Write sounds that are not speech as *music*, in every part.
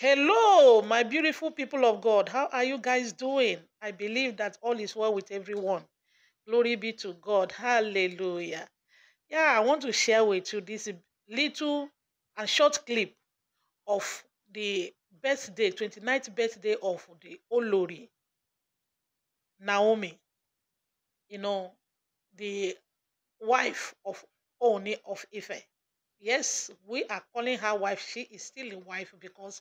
Hello, my beautiful people of God. How are you guys doing? I believe that all is well with everyone. Glory be to God. Hallelujah. Yeah, I want to share with you this little and short clip of the birthday, 29th birthday of the Olori, Naomi. You know, the wife of Oni of Ife. Yes, we are calling her wife. She is still a wife because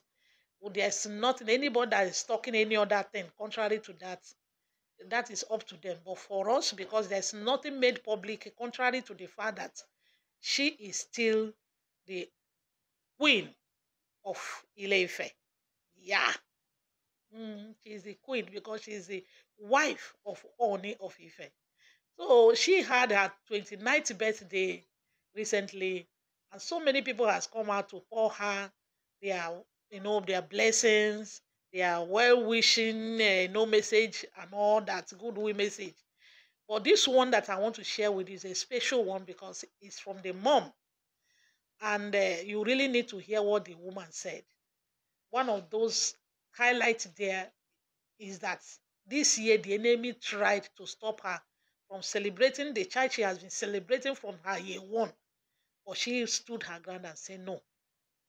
there's nothing anybody that is talking any other thing contrary to that that is up to them but for us because there's nothing made public contrary to the fact that she is still the queen of ile yeah mm, she's the queen because she's the wife of Oni of Ife so she had her 29th birthday recently and so many people has come out to pour her their you know, their blessings, their well wishing, uh, eh, no message, and all that We message. But this one that I want to share with you is a special one because it's from the mom. And uh, you really need to hear what the woman said. One of those highlights there is that this year the enemy tried to stop her from celebrating the child she has been celebrating from her year one. But she stood her ground and said, No,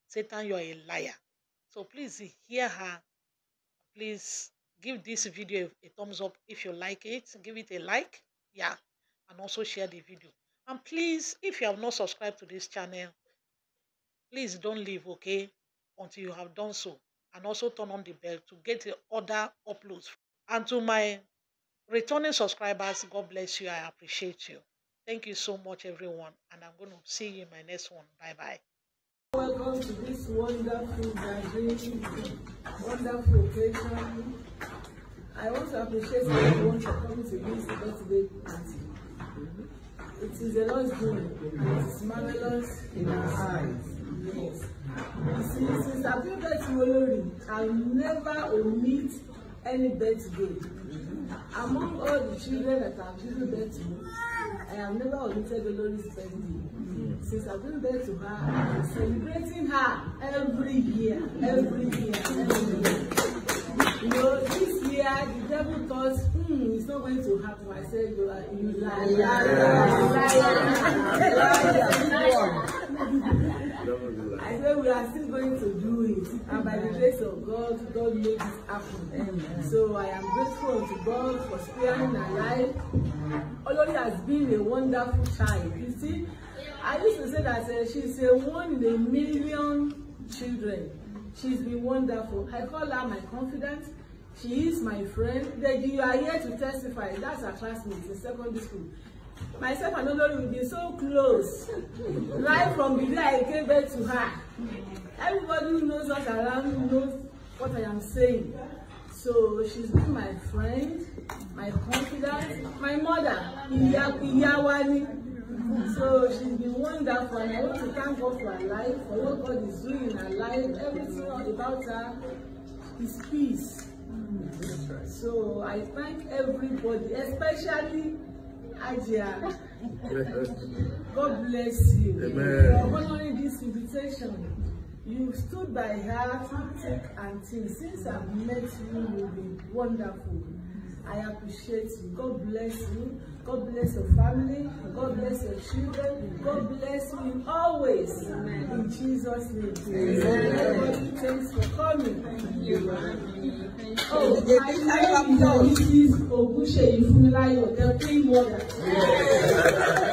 Satan, you're a liar. So please hear her. Please give this video a thumbs up if you like it. Give it a like. Yeah. And also share the video. And please, if you have not subscribed to this channel, please don't leave, okay? Until you have done so. And also turn on the bell to get the other uploads. And to my returning subscribers, God bless you. I appreciate you. Thank you so much, everyone. And I'm going to see you in my next one. Bye-bye. Welcome to this wonderful gathering, wonderful occasion. I also appreciate everyone for coming to this birthday party. It is a lot doing, and it's marvelous in our eyes. Yes. You see, since I've been Olori, I'll never omit any birthday. Among all the children that have given birth to, I have never omitted Olori's birthday. Since I've given birth to her, I'm celebrating her every year, every year, every year. You know, this year the devil thought, hmm, it's not going to happen. I said, you are, you lie, lie, lie, lie, lie. I said, we are still going to do And by the grace of God, God made this happen. So I am grateful to God for sparing my life. Olori has been a wonderful child. You see, I used to say that uh, she's a one in a million children. She's been wonderful. I call her my confidant. She is my friend. you are here to testify. That's her classmate in secondary school. myself and Olori will be so close right from the day I gave birth to her. Everybody who knows us around knows what I am saying. So she's been my friend, my confidant, my mother, Iya Iyawani. So she's been wonderful and I want to thank God for her life, for what God is doing in her life, everything about her is peace. So I thank everybody, especially Ajia. *laughs* God bless you. Amen. For honoring this invitation. You stood by her through thick and thin. Since I've met you, you've been wonderful. I appreciate you. God bless you. God bless your family. God bless your children. God bless you always. Amen. In Jesus' name. Amen. Amen. Thanks for coming. Thank you. Thank you. Oh, I name is Ogushe Ifumilayo, the Queen Mother.